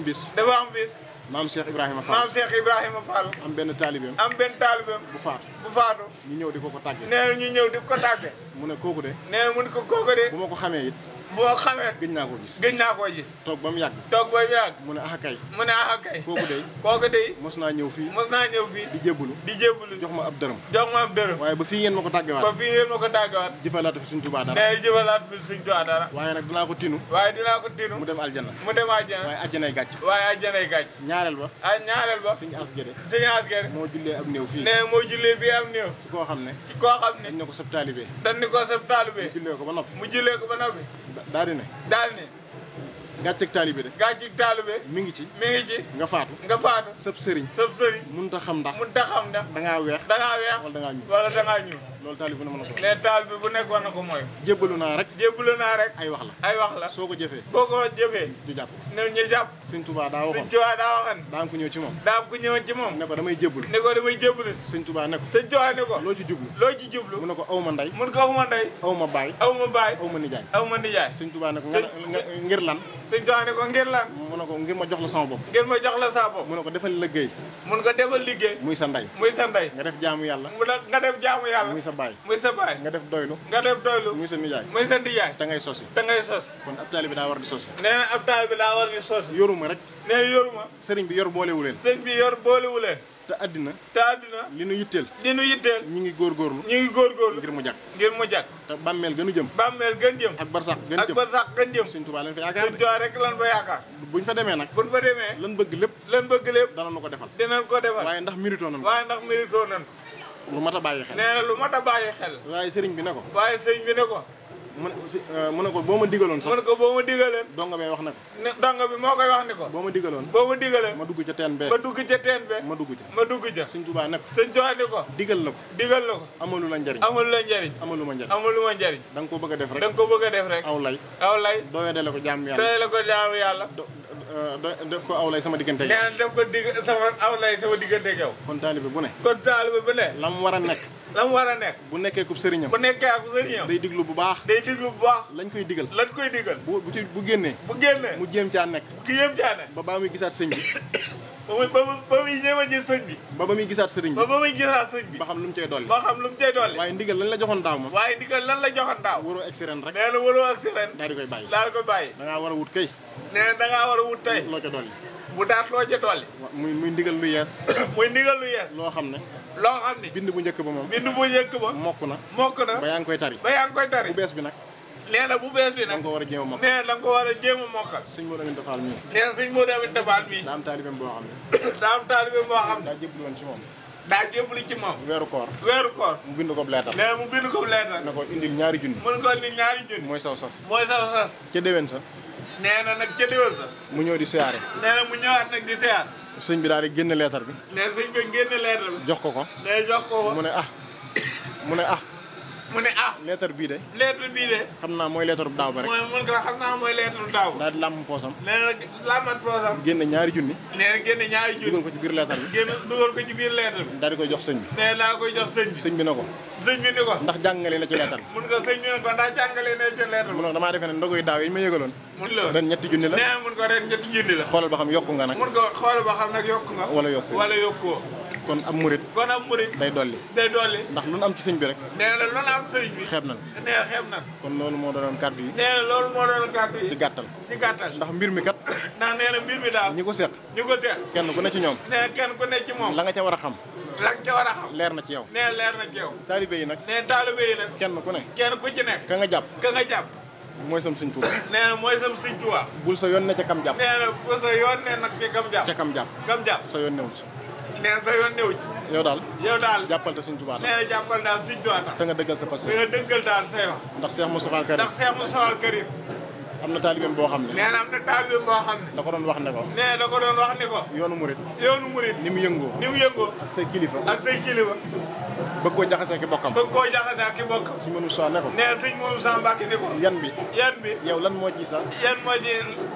Speaker 1: nee maam Cheikh Ibrahima Fall maam Cheikh Ibrahima Fall. am benn taalibeem am benn taalibeem. bu faatu bu faatu. ñu ñëw di ko ko tàggee. nee na ñu ñëw di ko ko tàggee. mu ne kooku de. nee na mu ne ko kooku de. bu ma ko xamee it. boo xamee. gëj naa ko gis gëj naa koo gis. toog ba mu yàgg. toog ba mu yàgg. mu ne ah kay. mu ne ah kay. kooku de. kooku de. mos naa ñëw fii. mos naa ñëw fii. di jébbalu. di jébbalu jox ma ab dërëm. jox ma ab dërëm. waaye ba fii ngeen ma ko tàggewaat. ba fii ngeen ma ko tàggewaat. jëfalaatu fi suñ tubaa dara. fi suñ tubaa dara. waaye nag dinaa ko tinu. waaye dinaa ko tinu. mu dem aljana. mu dem aljana. waaye aljanay gàcc. waaye aljanay gàcc. ñaareel ba. ah ñaareel ba. suñu as gede. suñu as gede. moo jullee ab néew fii. de moo jullee fii ab néew. xam ne. koo xam ne. ko sab taalibe. dañ ne ko sab ko ba noppi. mu jullee ko ba noppi. daal di ne. daal ne. gàcceeg taalibe de gàcceeg taalibe mi ngi ci mi ngi ci nga faatu nga faatu sëb sëriñ sëb mun ta xam ndax mun ta xam ndax da weex da ngaa weex wala da ngaa ñuul wala da ñuul loolu taalibe bu ne bu nekk war na ko mooy jébbalu naa rek jébbalu naa ay wax la ay wax la soo ko jëfee boo ko jëfee ñu jàpp ne ñu jàpp sëñ Tuubaa daa waxoon sëñ Tuubaa daa waxoon ku ñëw ci moom daa am ku ñëw ci moom ne damay jébbalu nekko ko damay jébbalu sëñ Tuubaa ne ko sëñ Tuubaa ne loo ci jublu loo ci jublu mu ne ko aw ma ndey mun ko aw ma ndey aw ma baay aw ma baay aw ma nijaay aw ma nijaay sëñ Tuubaa ne ngir lan sëñ Tuubaa ne ko ngir lan mu ne ko ngir ma jox la sama bopp ngir ma jox la sa bopp mu ne ko defal liggéey mun ko defal liggéey muy sa ndey muy sa ndey nga def jaamu yàlla mu nga def jaamu yàlla muy sa baay nga def doylu nga def doylu muy sa nijaay muy sa nijaay te ngay sosi te ngay sosi kon ab taalibe daa war di sosi nee na ab taalibe daa war di sosi yoruma rek nee yoruma sëriñ bi yor boolewu leen sëriñ bi yor boolewu leen te àddina te àddina li nu yitteel li nu yitteel ñu ngi góorgóorlu ñu ngi góorgóorlu ngir mu jàkk ngir mu jàkk te bàmmeel gënu jëm bàmmeel gën jëm ak barsax gën jëm ak barsax gën jëm suñ tubaa leen fa yaakaar suñ tubaa rek lan fa yaakaar buñ fa demee nag buñ fa demee lan bëgg lépp lan bëgg lépp danañu ko defal dinañ ko defal waaye ndax méritoo nan waaye ndax méritoo nan ko lu mat a bàyyi xel nee lu mat a bàyyi xel waaye sëriñ bi ne ko waaye sëriñ bi ne ko mu ne mu ne ko boo ma digaloon sax mu ne ko boo ma digaloon donga bee wax na ko ne donga bi moo koy wax ni ko boo ma digaloon boo ma digaloon ma dugg ca teen bee ma dugg ca teen bee ma dugg ca ma dugg ca sëñ Tuubaa ne ko sëñ Tuubaa ni ko digal la ko digal la ko amalu la njariñ amalu la njariñ amalu ma njariñ amalu ma njariñ da nga ko bëgg a def rek da nga ko bëgg a def rek aw lay aw lay doyade la ko jaam yàlla doyade la ko jaam yàlla def ko awlay sama diggante ak yow nee na def ko dig sama awlay sama diggante ak yow kon taalibe bu ne kon taalibe bu ne la mu war a nekk la mu war a nekk bu nekkee ku sëriñam bu nekkee ak sëriñam day diglu bu baax day diglu bu baax lañ koy digal lañ koy digal bu bu bu génnee bu génnee mu jéem caa nekk ki jéem caa nekk ba baa muy gisaat sëñ bi a gis sëñ bi ba ba muy ba ba xam lu mu cay dolli ba xam la joxoon daaw ma waaye ndigal lan la joxoon daaw waroo egsi ren rek nee na waroo egsi ren daal di koy bàyyi daal di koy bàyyi da war a wut kay nee na da war a wut tey loo ca dolli bu daat loo ca dolli muy muy lu yees muy ndigal lu yees loo xam ne loo xam ne bind bu njëkk ba moom bind bu njëkk ba mokk na mokk na ba koy tari ba yaa koy tari bu bees bi nag nee na bu bees bi nag da nga war a jéem a mokkal nee na ko war a jéem a mokkal sëñ Modou Aminta Fall mii nee na sëñ Modou Aminta Fall mii daa am taalibeem boo xam ne daa am taalibeem boo xam ne daa jébbalu woon ci moom weeru koor weeru koor mu bind ko leetar nee mu bind ko leetar na ko indil ñaari ne ko indil ñaari mooy saw sas mooy saw sas sa nee na nag jëndewal sa mu ñëw di siyaare nee na mu sëñ bi daal génn leetar bi nee na sëñ bi génn leetar bi jox ko ko nee jox ko mu ne ah mu ne ah mu ne ah lettre bii de. lettre bii de. xam naa mooy lettre bu daaw ba rek. mooy mën nga xam naa mooy lettre bu daaw. daal di làmm poosam. nee na làmmat poosam. génne ñaari junni. nee na biir lettre bi. génn ci biir lettre bi. daal di koy jox sëñ bi. nee naa koy jox sëñ bi. sëñ bi na ko. sëñ bi ni ko. ndax jàngale na ci lettre bi. mun nga sëñ bi ne ko ndax jàngale na ci lettre bi. mu ne ko damaa ne ndogoy daaw yi ñu ma yëgaloon. ren ñetti junni la nee mun ko ren ñetti junni la xoolal ba xam yokku nga nag mun ko xoolal ba xam nag yokku nga wala yokku wala yokkoo kon am murit kon am murit day dolli day dolli ndax lu nu am ci sëñ bi rek nee na lu nu am sëñ bi xeeb nan nee kon loolu moo doonoon kàddu yi nee na loolu moo doonoon kàddu yi ci gàttal ndax mbir mi kat ndax nee na mbir mi daal ñi ko seq ñi ko seq kenn ku ne ci ñoom nee kenn ku ne ci moom la nga ca war a xam la nga ca war a xam leer na ci yow nee leer na ci yow taalibe yi nag nee kenn ku ne kenn ku ci nekk nga jàpp ka nga jàpp mooy sam sëñ Tuubaa nee mooy sam sëñ Tuubaa bul sa yoon ne ca kam jàpp nee na bul sa yoon ne nag ca kam jàpp ca kam jàpp kam jàpp sa yoon newu ci nee na sa yoon newu ci yow daal yow daal jàppal te suñ Tuubaa a na jàppal daal sëñ Tuubaa te nga dëggal sa passé te nga dëggal daal say wax ndax Cheikh Moustapha Karim ndax am na taalibeem boo xam ne nee na ko doon wax ne ko nee da yoonu murit yoonu murit ni mu yëngoo ni mu ak say kilifa ak jaxasee ki bokkam bëgg jaxasee ak ki bokkam si mënu sa ne ko nee sëñ mënu sa mbàkke ne ko yan bi yan lan moo ci sax yan moo ci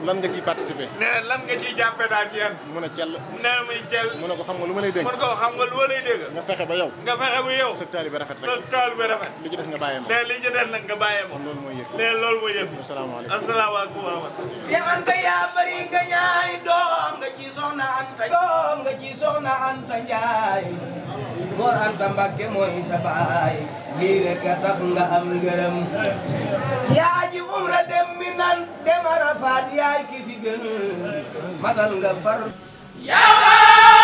Speaker 1: lan nga ciy participer nee lan nga ciy jàppe daal ci yan mu ne cell ne ko xam nga lu ma lay dégg mu ne ko xam nga lu ma lay dégg nga fexe ba yow nga fexe ba yow sa taalibe rafet rek sa taalibe rafet li ci def nga bàyyee ma nee li ci def salaam wa rahmatulah. yaa
Speaker 4: bari nga ñaay doom nga ci soxna Anta. doom nga ci soxna Anta Njaay. Mbakke mooy sa baay. lii rek nga am ngërëm. yaa ji umra dem mi nan dem Arafat yaay ki fi matal nga far. yaa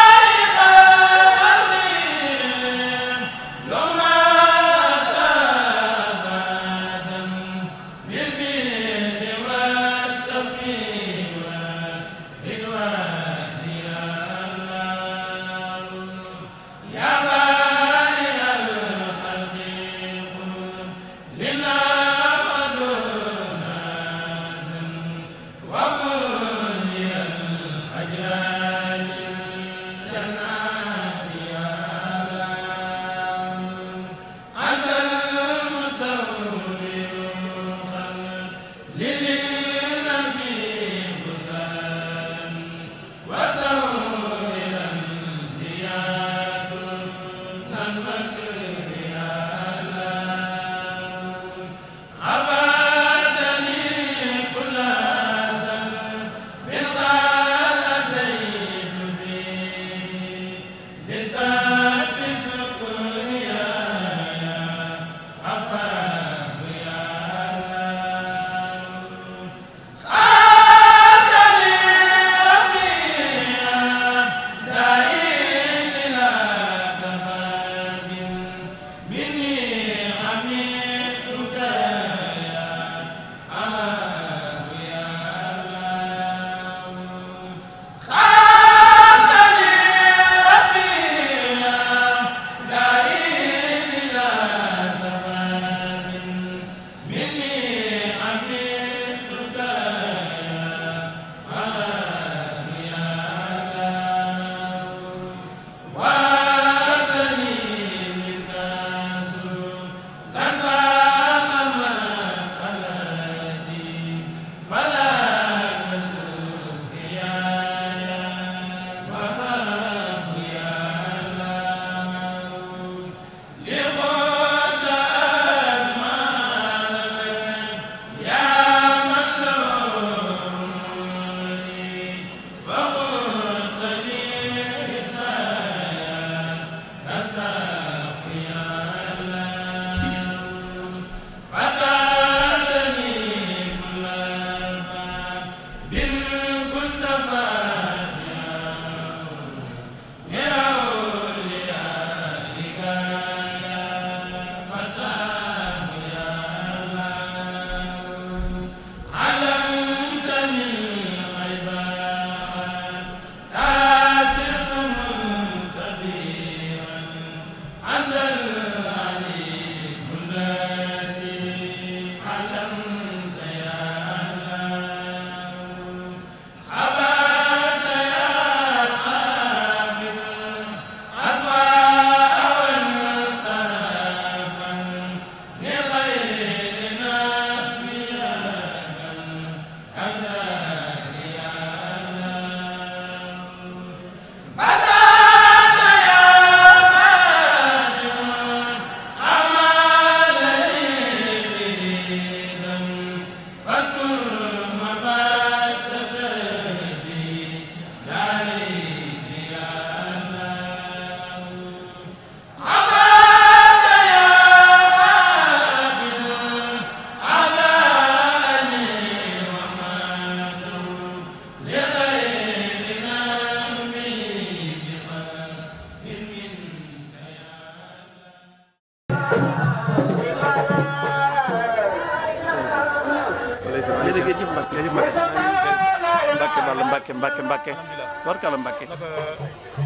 Speaker 3: Mbacke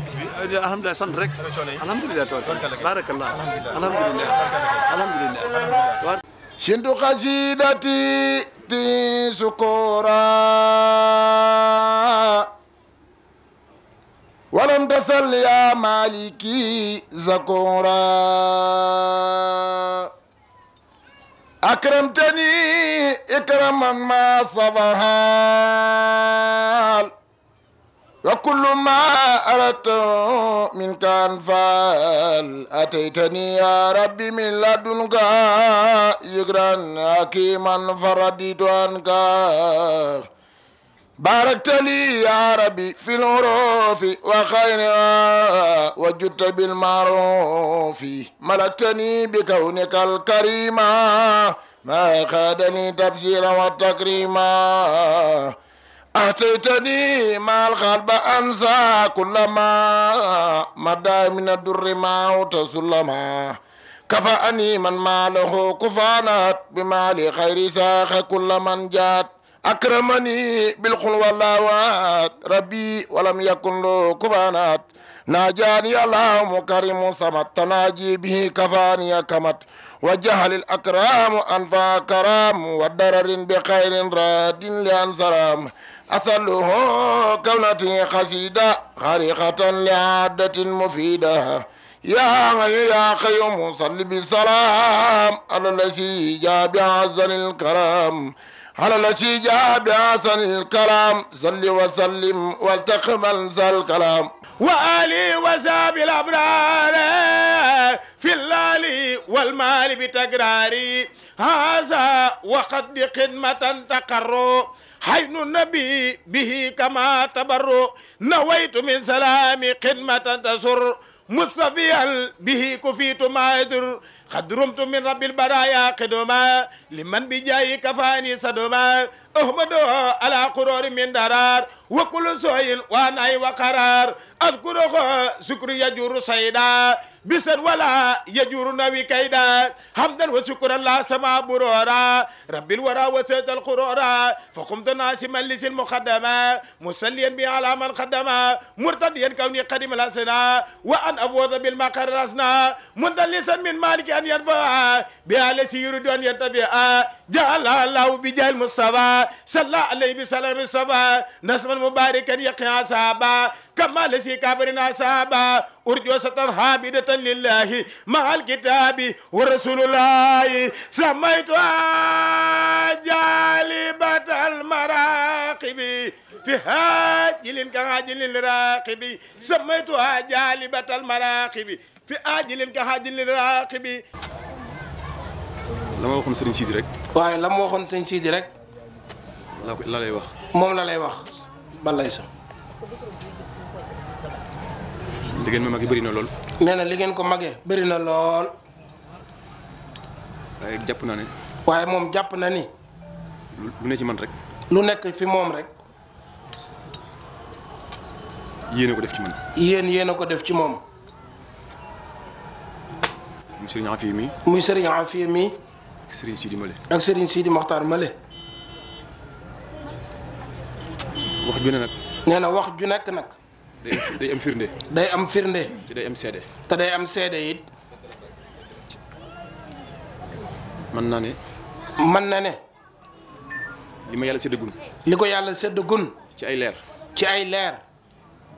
Speaker 3: bis bi euh, alhamdulilah sant rek alhamdulilah tabaraka
Speaker 5: barakallah alhamdulilah alhamdulilah sintu xasidati ti sukora walam tasal ya maliki zakora akramtani ikraman ma sabahal وكل ما أردت منك أنفال أتيتني يا ربي من لدنك يقرا حكيما فرديت عنك باركت لي يا ربي في العروف وخيرها وجدت بالمعروف ملكتني بكونك الكريم ما خادني تبشيرا وتكريما أتيتني مع القلب أنسى كلما مدى من الدر ما تسلما كفأني من ماله كفانات بمال خير ساخ كل من جات أكرمني بالخلوة واللوات ربي ولم يكن له كفانات ناجاني الله كريم صمت تناجي به كفاني كمت وجهل الأكرام أنفى كرام ودرر بخير راد لأن سلام أثله كونتي قصيدة خريقة لعادة مفيدة يا حي يا قيوم صل بسلام على الذي جاء بعزل الكرام على الذي جاء بعزل الكلام صل وسلم وتقبل ذا الكلام وآلي وزاب الأبرار في
Speaker 1: اللالي والمال بتقراري هذا وقد خدمة تقر حين النبي به كما تبر نويت من سلام خدمة تسر مصطفيا به كفيت ما يدر xadrumtu min rabbil baraya qiduma liman bi jaayi kafaani saduma ahmadu ala qurori min darar wa kullu soyin wa nay wa qarar adkuruhu sukru yajuru sayda bisan wala yajuru nawi kayda hamdan wa sukran la sama burora rabbil wara wa sayyidal qurora fa qumtu nasiman lisil muqaddama musalliyan bi ala man qaddama murtadiyan kawni qadim lasna wa an abwada bil maqarrasna mundalisan min maliki أن يرفع بها التي يريد أن يتبع جعل الله بجاه المصطفى صلى عليه بسلام المصطفى نسما مباركا يقيا صحابا كما لسي كابرنا صحابا أرجو ستر حامدة لله مع الكتاب ورسول الله سميتها جالبة المراقب في هاجل كهاجل الراقب سميتها جالبة المراقب في آجل كهاجل
Speaker 2: الراقب la ma waxoon sëñ Sidi rek. waaye la ma waxoon sëñ Sidi rek. la lay wax. moom la lay wax. balay sa. li ngeen ma màggee bëri na lool. nee na li ngeen ko màggee bëri na lool. waaye jàpp naa ne. waaye moom jàpp na ni. lu ci man rek. lu nekk fi moom rek. yéen ko def ci man. yéen yéen a ko def ci moom. muy sëriñ Afiya mi. muy sëriñ Afiya mi. ak sëriñ Sidi Male. ak sëriñ Sidi Mokhtar Male. wax ju ne nag. nee wax ju nekk nag. day am firnde. day am firnde. te day am seede. te day am seede mën naa ne. mën na ne. li ma yàlla séddagun. li ko yàlla séddagun. ci ay leer. ci ay leer.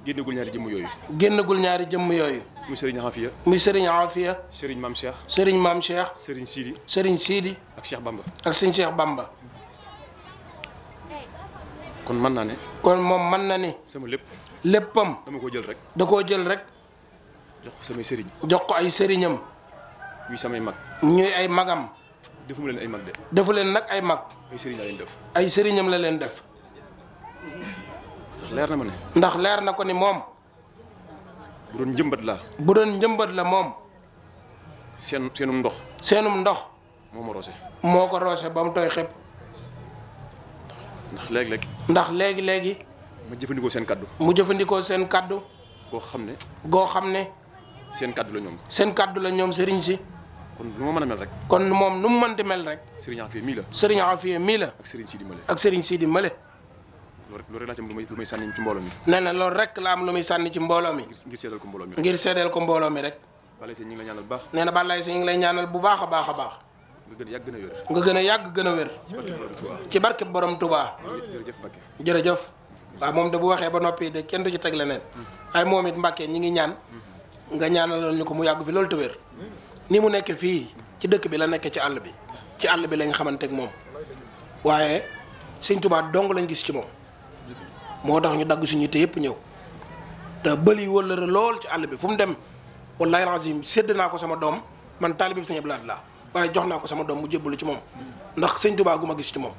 Speaker 2: génnagul ñaari jëmm yooyu. génnagul ñaari jëmm yooyu. muy Serigne Afia. muy Serigne Afia. Serigne Mame Cheikh. Serigne Mame Cheikh. Serigne Sidi. Serigne Sidi. ak Cheikh Bamba. ak Serigne Cheikh Bamba. kon mën naa ne. kon moom mën na ni. sama lépp. léppam. dama ko jël rek. da koo jël rek. jox ko samay sëriñ. jox ko ay sëriñam. ñuy samay mag. ñuy ay magam. defu leen ay mag defu leen nag ay mag. ay def. ay sëriñam la leen def. leer na ma ne. ndax leer na ko ni moom. bu doon njëmbat la bu doon njëmbat la moom. seen seenum ndox. seenum ndox. moo ma roose. moo ko roose ba mu tooy xepp. ndax léegi léegi. ndax léegi léegi. mu jëfandikoo seen kaddu. mu jëfandikoo seen kaddu. goo xam ne. goo xam ne. seen la ñoom. seen kaddu la ñoom sëriñ si. kon lu ma mën a mel rek. kon moom nu mu mënti mel rek. fi Afia mii la. sëriñ Afia mii la. ak sëriñ sii di ak sëriñ Male. loolu rek laa ci am lu may sànni ci mbooloo mi nee na loolu rek la am lu muy sànni ci mbooloo mi ngir seedal ko mbooloo mi ngir seedal ko mbooloo mi rek bàllaay sëñ ñu ngi lay ñaanal bu baax nee na bàllaay sëñ a baax a baax
Speaker 1: nga gën a yàgg
Speaker 2: gën a wér nga gën a yàgg gën a wér ci borom Touba jërëjëf Mbacke jërëjëf waaw moom de bu waxee ba noppi de kenn du ci teg leneen hmm. waaye moom it Mbacke ñi ngi ñaan
Speaker 4: hmm.
Speaker 2: nga ñaanal ñu ko mu yàgg fi loolu te wér hmm. ni mu nekk fii ci dëkk bi la nekke ci àll bi ci àll bi lañ xamante ak moom waaye sëñ Touba dong lañ gis ci moom moo tax ñu dagg ñu te yëpp ñëw te bëli wëllëre lool ci àll bi fu mu dem wallahi lazim sedd naa ko sama doom man taalibi bi Sëñ Abdou Lahad laa waaye jox naa ko sama doom mu jébbalu ci moom ndax Sëñ Tuubaa gu ma gis ci moom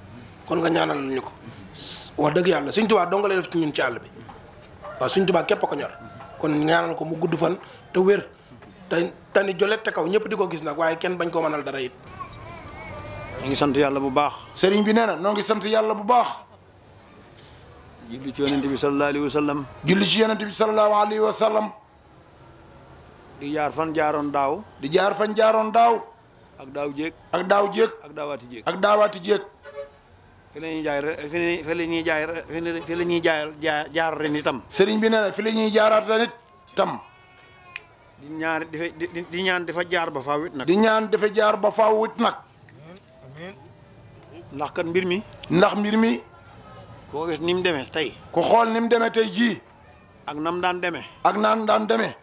Speaker 2: kon nga ñaanal ñu ko wax dëgg yàlla Sëñ Tuubaa dong lay def ci ñun ci àll bi waaw Sëñ Tuubaa képp ko ñor kon ñaanal ko mu gudd fan te wér te tani jolet te kaw ñëpp di ko gis nag waaye kenn bañ koo mënal dara it. ngi sant yàlla bu baax. sëriñ bi nee na
Speaker 5: noo ngi sant yàlla bu baax. julli ci yonent bi sallallahu alayhi wa sallam. julli ci yonent bi sallallahu alayhi wa sallam. di jaar fan jaaroon daaw. di jaar fan jaaroon daaw. ak daaw jéeg. ak daaw jéeg. ak daawaati jéeg. ak daawaati jéeg.
Speaker 3: fi la ñuy jaay fi la ñuy jaay fi la ñuy jaay jaar ren itam. sëriñ bi nee
Speaker 5: na la ñuy jaaraat itam.
Speaker 3: di ñaan di dafa jaar ba faaw it di
Speaker 5: ñaan dafa jaar ba faaw it nag. ndax kat mbir
Speaker 1: mi.
Speaker 3: ndax mbir mi. koo gis ni mu demee tey. ku xool ni mu demee tey jii. ak nam daan deme ak naan daan deme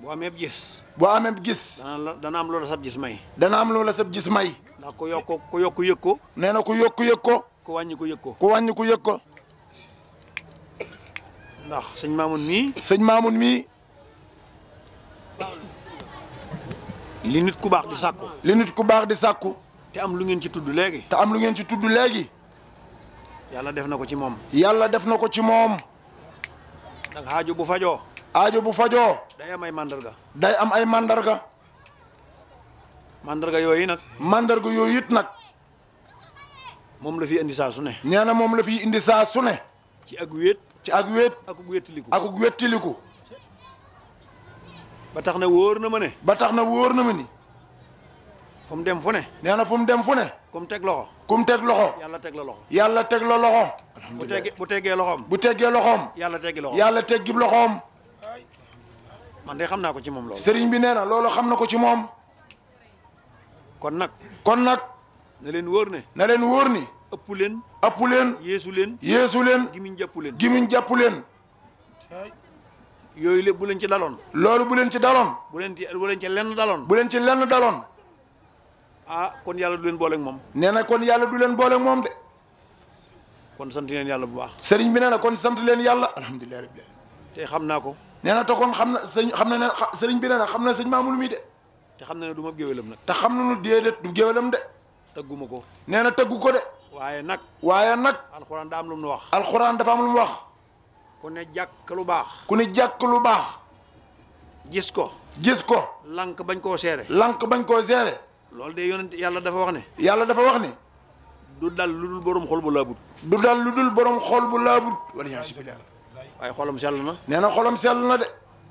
Speaker 3: boo amee gis. boo amee gis. dana am loola sab gis may. dana am loola sab gis may. ndax ku yokk ku yokk yëg ko. nee na ku yokk yëg ko. ku wàññi ko yëg ko.
Speaker 1: ku wàññi ko yëg ko. ndax sëñ Mamoun mii. sëñ mii. li nit ku baax di sàkku. li nit ku baax di sàkku. te am lu ngeen ci tudd léegi. te am lu ngeen ci tudd léegi.
Speaker 5: yàlla def na ko ci moom. yàlla def na ko ci moom.
Speaker 3: ndax aajo bu fajoo.
Speaker 5: aajo bu fajo
Speaker 3: day am ay mandarga.
Speaker 5: day am ay mandarga.
Speaker 3: mandarga yooyu nag. mandarga yooyu it nag. moom la fi indi saa su ne. nee moom la fi indi saa su ne. ci ak wet ci ak wéet. ak wéetiliku
Speaker 1: ak wéetiliku. ba tax na wóor na ma ne. ba tax na wóor na ma ni. fu dem fu ne. nee na fu mu dem fu ne.
Speaker 3: ku teg loxo. ku mu teg loxo. yàlla teg la loxo.
Speaker 5: yàlla teg la loxo.
Speaker 3: bu tegee bu tegee
Speaker 5: loxoom. bu tegee loxoom.
Speaker 3: yàlla teggi loxoom. yàlla teggi loxoom. man de xam naa ko ci moom loolu. sëriñ bi nee na loolu xam na ko ci moom.
Speaker 1: kon nag. kon nag.
Speaker 3: na leen wóor ne.
Speaker 1: na leen wóor ni. ëpp leen. app leen. yeesu leen. yeesu leen. gimiñ jàpp leen. gimiñ jàpp leen. yooyu
Speaker 3: lépp bu leen ci daloon.
Speaker 1: loolu bu leen ci daloon.
Speaker 3: bu leen ci bu leen ci lenn daloon.
Speaker 1: bu leen ci lenn daloon.
Speaker 3: ah kon yàlla du leen booleeg moom.
Speaker 1: nee na kon yàlla du leen booleeg moom de.
Speaker 3: kon sant leen yàlla bu baax.
Speaker 1: sëriñ bi nee na kon sant leen yàlla alhamdulilah rabbil alamin. te xam naa ko. nee na te kon xam na sëñ xam na ne sëriñ bi nee na xam na sëñ Mamoune mi de. te xam
Speaker 3: na ne du ma géwélam nag. te xam na nu déedéet du géwélam de. tëgguma ko. nee na tëggu ko de. waaye nag. waaye nag. alxuraan daa am lu mu wax. alxuraan dafa am lu wax. ku ne jàkk lu baax. ku ne jàkk lu baax. gis ko. gis ko. lank bañ koo seere. lank bañ koo seere. loolu de yoon yàlla dafa wax ne. yàlla dafa wax ni du dal lu dul borom xol bu laa laabut. du dal lu dul borom xol bu laabut. wala yaa si bilaay. waaye xolam sell
Speaker 1: na. nee na xolam sell na de.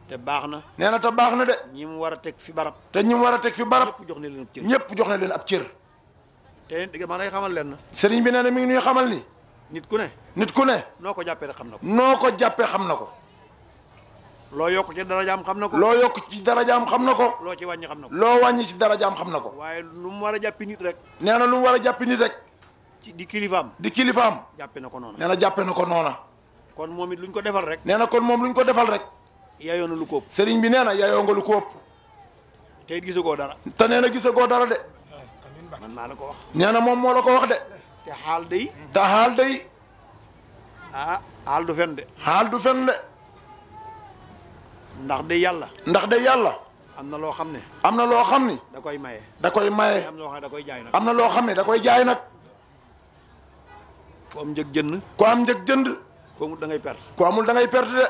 Speaker 3: te baax na. nee na te baax na de. ñi mu war a teg fi barab.
Speaker 1: te ñi mu war a teg fi barab. ñëpp jox na leen ab cër
Speaker 3: ñëpp jox na leen ab cër. te dëgg man day xamal leen na. sëriñ bi nee na mi ngi ñuy xamal ni. nit ku ne. nit ku ne. noo ko jàppee rek xam na ko. noo ko jàppee xam na ko. loo yokk ci darajaam xam na ko loo yokk ci darajaam xam na ko loo ci wàññi xam na ko loo wàññi ci darajaam xam na ko waaye lu mu war a jàppi nit rek nee na lu mu war a jàppi nit rek ci di
Speaker 1: kilifaam di kilifaam
Speaker 3: jàppe na ko noona nee
Speaker 1: na na ko noona
Speaker 3: kon moom it lu ko defal rek
Speaker 1: nee na kon moom lu ñu ko defal rek yayoo na lu ko sëriñ bi nee na yayoo nga lu ko ëpp te it gisagoo dara te nee dara de man maa la ko wax nee na moom moo la ko wax de
Speaker 3: te xaal day te xaal day ah xaal du fen de xaal du fen de
Speaker 5: ndax de yàlla. ndax de yàlla.
Speaker 3: am na loo xam ne.
Speaker 5: am na loo xam ne.
Speaker 3: da koy maye. da koy maye. am
Speaker 5: na loo xam ne da koy jaay nag. am na loo xam ne da koy jaay nag.
Speaker 3: ku am njëg jënd. ku am njëg jënd. ku amul da ngay perte. ku amul da ngay perte de.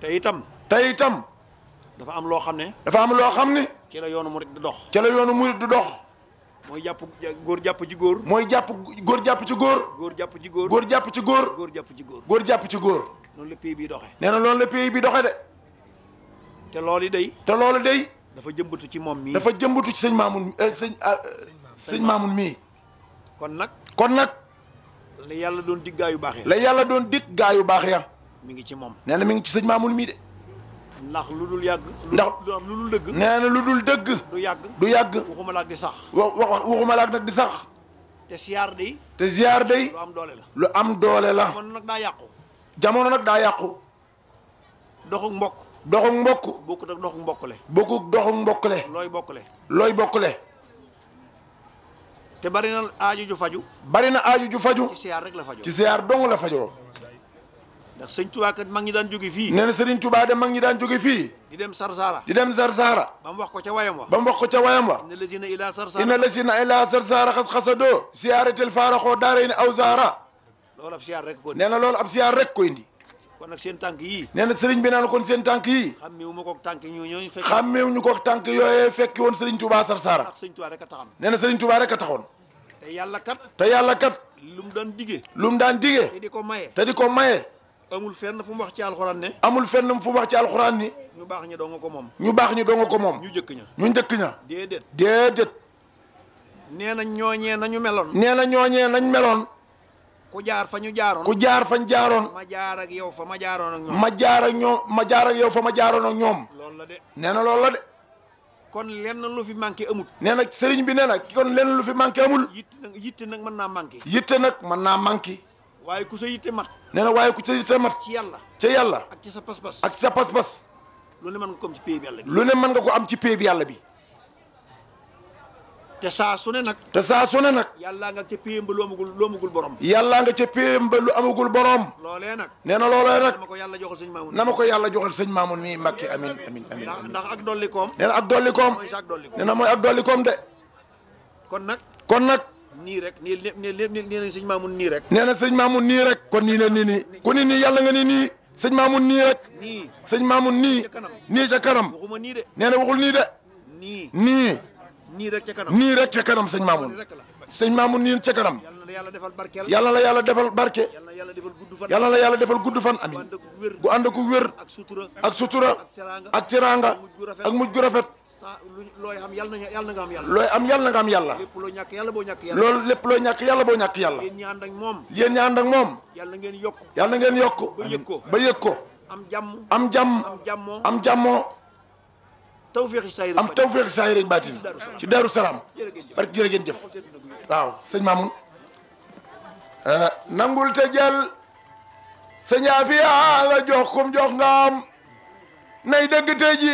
Speaker 3: te itam. te itam. dafa am loo xam ne. dafa am loo xam ne. ci la yoonu murit di dox. ci la yoonu murit di dox. mooy jàpp góor jàpp ci góor. mooy jàpp
Speaker 1: góor jàpp ci góor. góor jàpp ci góor. góor jàpp ci góor.
Speaker 3: góor jàpp ci góor.
Speaker 1: góor jàpp ci góor.
Speaker 3: noonu la pays bi doxee. nee na loolu la pays bi doxee de. te loolu day. te loolu day. dafa jëmbatu ci moom mii. dafa jëmbatu ci sëñ Maamun eh, sëñ ah,
Speaker 5: sëñ Maamun mii. kon nag. kon nag.
Speaker 3: la yàlla doon dig yu baax ya. la yàlla
Speaker 5: doon dig gaa yu baax ya. mi ngi ci moom. nee na mi ngi ci sëñ Maamun mii de.
Speaker 3: lu dul yàgg. ndax lu dul dëgg. nee
Speaker 5: lu dul
Speaker 1: dëgg. du yàgg du yàgg. waxuma laak di sax. wa waxuma laak nag di
Speaker 3: te ziar day.
Speaker 1: te ziar day. lu am doole la. lu am doole la. nag daa yàqu. jamono nag daa yàqu.
Speaker 3: doxug mbokk. doxug mbokk. bokkut ak doxug mbokkule. bokkut doxug mbokkule. looy bokkule. looy bokkule. te bari na aaju ju faju. bari na ju faju. ci siyaar rek la fajoo. ci siyaar
Speaker 1: dong la fajoo.
Speaker 3: ndax sëñ Tuubaa kat mag ñi daan jóge fii. nee
Speaker 1: ñi daan jóge fii.
Speaker 3: di dem Sarsara. di dem Sarsara. ba mu wax ko ca wayam wa. ba mu wax ko ca wayam wa. inna lazina ilaa Sarsara. inna lazina
Speaker 5: ilaa Sarsara xas xasadoo. siyaaratil faaraxoo daarayni aw zaara.
Speaker 3: loolu ab siyaar rek ko nee
Speaker 5: na loolu ab siyaar rek ko indi.
Speaker 3: kon nag tànk yii.
Speaker 1: nee na sëriñ bi naan kon seen tànk yii.
Speaker 3: xàmmeewu ma ko tànk ñu ñooñu fekk. xàmmeewu
Speaker 1: ñu ko tànk yooyee fekki woon sëriñ Touba Sarsara. ak
Speaker 3: sëriñ Touba rek a taxoon.
Speaker 1: nee na sëriñ Touba rek a taxoon. te yàlla kat. te yàlla lu mu daan digee. lu mu daan digee. te
Speaker 3: di ko maye. te di ko maye. amul fenn fu mu wax ci alxuraan ne.
Speaker 1: amul fen fu mu wax ci alxuraan ni.
Speaker 3: ñu baax ñi dong ko moom.
Speaker 1: ñu baax ñi dong ko moom. ñu njëkk ña. ñu
Speaker 5: njëkk ña. déedéet. déedéet.
Speaker 3: nee na ñooñee nañu meloon. nee
Speaker 5: na ñooñee nañ meloon.
Speaker 3: ku jaar fa ñu jaaroon ku jaar fañ jaaroon. ma jaar ak yow fa ma jaaroon ak ma jaar
Speaker 5: ak ñoom ma jaar yow fa ma jaaroon ak ñoom. loolu la de nee na loolu la
Speaker 3: kon lenn lu fi manqué amul.
Speaker 1: nee na sëriñ bi nee na kon lenn lu fi manqué amul.
Speaker 3: yitte nag yitte nag mën naa manqué. yitte
Speaker 1: nag mën naa manqué.
Speaker 3: waaye ku sa yitte mat.
Speaker 1: nee na waaye ku sa yitte mat. ci yàlla yàlla.
Speaker 3: ak ci sa pas-pas ak sa pas-pas. lu ne mën nga ko am ci pay bi
Speaker 1: mën nga ko am ci pay yàlla bi.
Speaker 3: te saa su ne nag. te saa su ne nag. yàllaa nga ca péem ba lu borom. yàllaa nga
Speaker 1: ca péem ba lu borom.
Speaker 3: loolee nag. nee na loolee nag. na ma ko yàlla joxal sëñ Maamun. na ma ko
Speaker 1: yàlla joxal sëñ Maamun mii Mbàkke amin amin amin ndax ak dolli koom. ak dolli koom.
Speaker 3: nee na mooy ak kon nag. kon nag. nii rek nii nii nii rek.
Speaker 5: nee na sëñ Maamun nii rek. kon nii la nii nii. ku nii yàlla nga nii. sëñ Maamun nii rek. nii sëñ Maamun nii. nii ca kanam. waxuma nii de. nee na waxul nii de. nii
Speaker 3: nii rek ca kanam nii rek ca kanam sëñ Mamoun
Speaker 5: sëñ Mamoun nii ca kanam
Speaker 3: yàlla la yàlla defal barke yàlla la yàlla defal
Speaker 5: gudd fan amin
Speaker 1: gu ànd ku wér
Speaker 3: ak sutura ak teraanga ak mujj gu rafet looy am yàlla na nga am yàlla looy am yàlla na nga am yàlla loo ñàkk yàlla boo ñàkk yàlla loolu lépp loo ñàkk yàlla boo ñàkk yàlla yéen ñi ànd ak moom yéen ñi ànd ak moom yàlla ngeen yokk
Speaker 1: yàlla ngeen yokk ba yëg ko am jàmm am jàmm am jàmmoo am tawféexi
Speaker 5: saa yëreeg baatin ci Daaru Salaam barke jërë ngeen jëf nangul te jël sëñ Afia jox kum jox nga nay dëgg te ji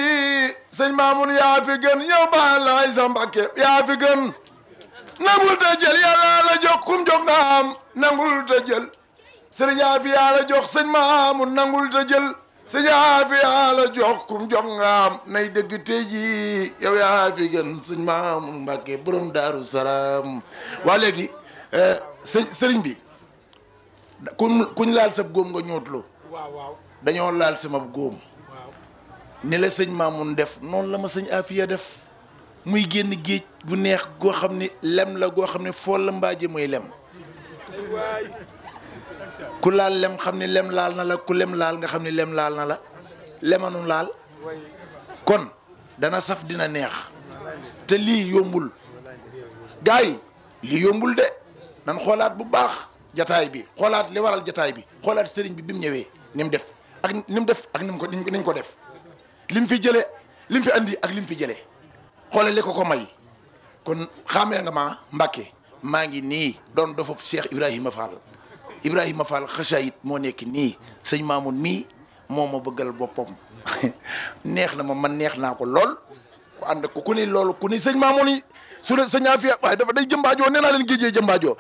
Speaker 5: sëñ Mamoun yaa gën yow ba laay sa Mbàkke gën nangul te jël yàlla jox kum jox nga nangul te jël sëñ jox sëñ Mamoun nangul te sëñ aafi ala jox kum jox nga am nay dëgg tey jii yow yaa fi gën sëñ maamu Mbàkke borom daaru salaam waa léegi eh, sëñ sëriñ bi kuñ kuñ laal sab góom nga ñootlu dañoo laal sama góom ni la sëñ maamun def noonu la ma sëñ aafiya def muy génn géej bu neex goo xam ne lem la goo xam ne foola la mbaaje lem
Speaker 1: ku laal lem xam ni lem laal na la ku lem laal nga xam ni
Speaker 5: lem laal na la lemanu laal kon dana saf dina neex te lii yombul gars yi yombul de nan xoolaat bu baax jataay bi xoolaat le waral jataay bi xoolaat sëriñ bi bi mu ñëwee ni def ak ni mu def ak ni mu ko ni ñu ko def lim fi jëlee lim fi andi ak lim fi jëlee xoolal li ko ko may kon xamee nga ma Mbàkke maa ngi nii doon dofub Cheikh Ibrahima Fall Ibrahima Fall yit moo nekk nii sëñ Mamoun mii moo ma bëggal boppam neex na ma man neex naa ko lool ku ànd ku ku ni loolu ku ni sëñ Mamoun yi su ne sëñ Afia waaye dafa day jëmbaajoo nee naa leen géejee jëmbaajoo